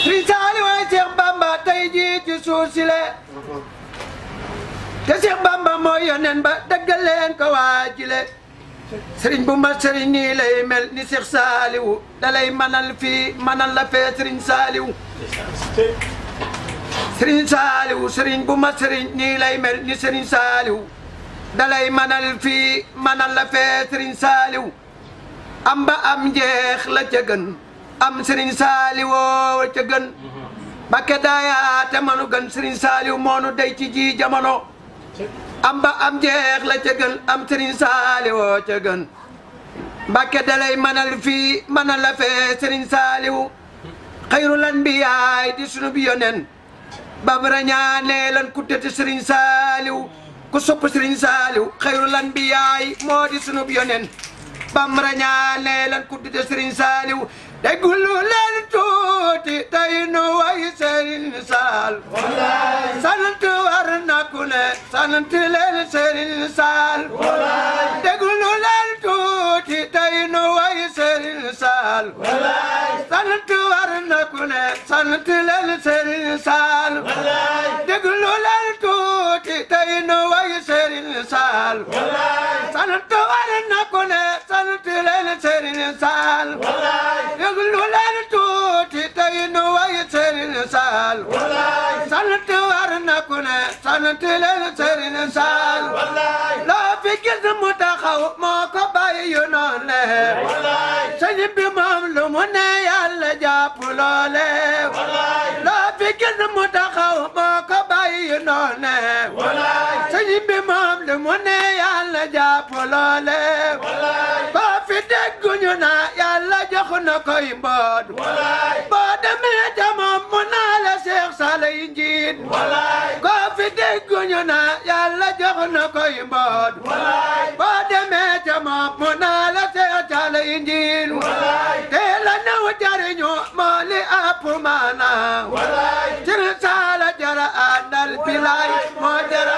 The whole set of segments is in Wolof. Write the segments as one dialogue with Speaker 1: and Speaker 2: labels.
Speaker 1: Sëriñ Saaliw waaye Cheikh Bamba tey jii ci suuf si le te Cheikh Bamba mooy yoneen ba dëggal leen ko le sëriñ bu ma sëriñ ni Cheikh Saaliw da manal fii manal la fee Saaliw sëriñ am ba la ca am Serigne Saliou ca gën Mbacké daaya te manu gën Serigne Saliou moonu day ci ji jamono am ba am jeex la ca gën am Serigne Saliou ca gën Mbacké dalay manal fii manal la fee Serigne Saliou xayrul anbiyaay di sunu bi yonen babara ñaane lan ku tëti Serigne Saliou ku sopp Serigne Saliou xayrul anbiyaay moo di sunu bi yonen babara ñaane lan ku tëti Serigne Saliou déglu leen tuuti tey nu way Serigne Sall sant سنت ورنا كل سنت لين سرين سال يقول لين توتي تين وي سرين سال سنت ورنا كل سنت لين سرين سال لا في كذا متخو ما كباي ينون له سني بمام لمنا يلا جابوا له لا في كذا متخو ما كباي ينون له ñibbi moom lu mu ne yàlla jàpp loole boo fi dégguñu na yàlla jox na koy mbood boo demee ca moom mu naa la seex sala yi njiit koo fi dégguñu na yàlla jox na koy mbood boo demee ca moom mu naa la seex sala yi njiit te la naw jariñu moo li ëpp maanaa jara àndal bilaay moo jara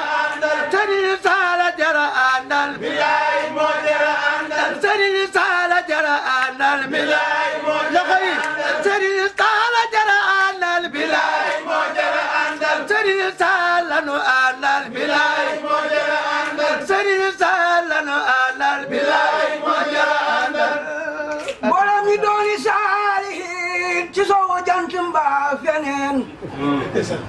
Speaker 1: Serigne Sala jara àndal. bilaay moo jara àndal. Serigne Sala jara àndal. bilaay moo jara àndal. loxo yi Serigne Sala jara àndal. bilaay moo jara àndal. Serigne Sala nu àndal. bilaay moo jara àndal. Serigne Sala nu àndal. bilaay moo jara àndal. mboolem ñi dooni saalihiin ci sowu jant mbaa feneen. Mm.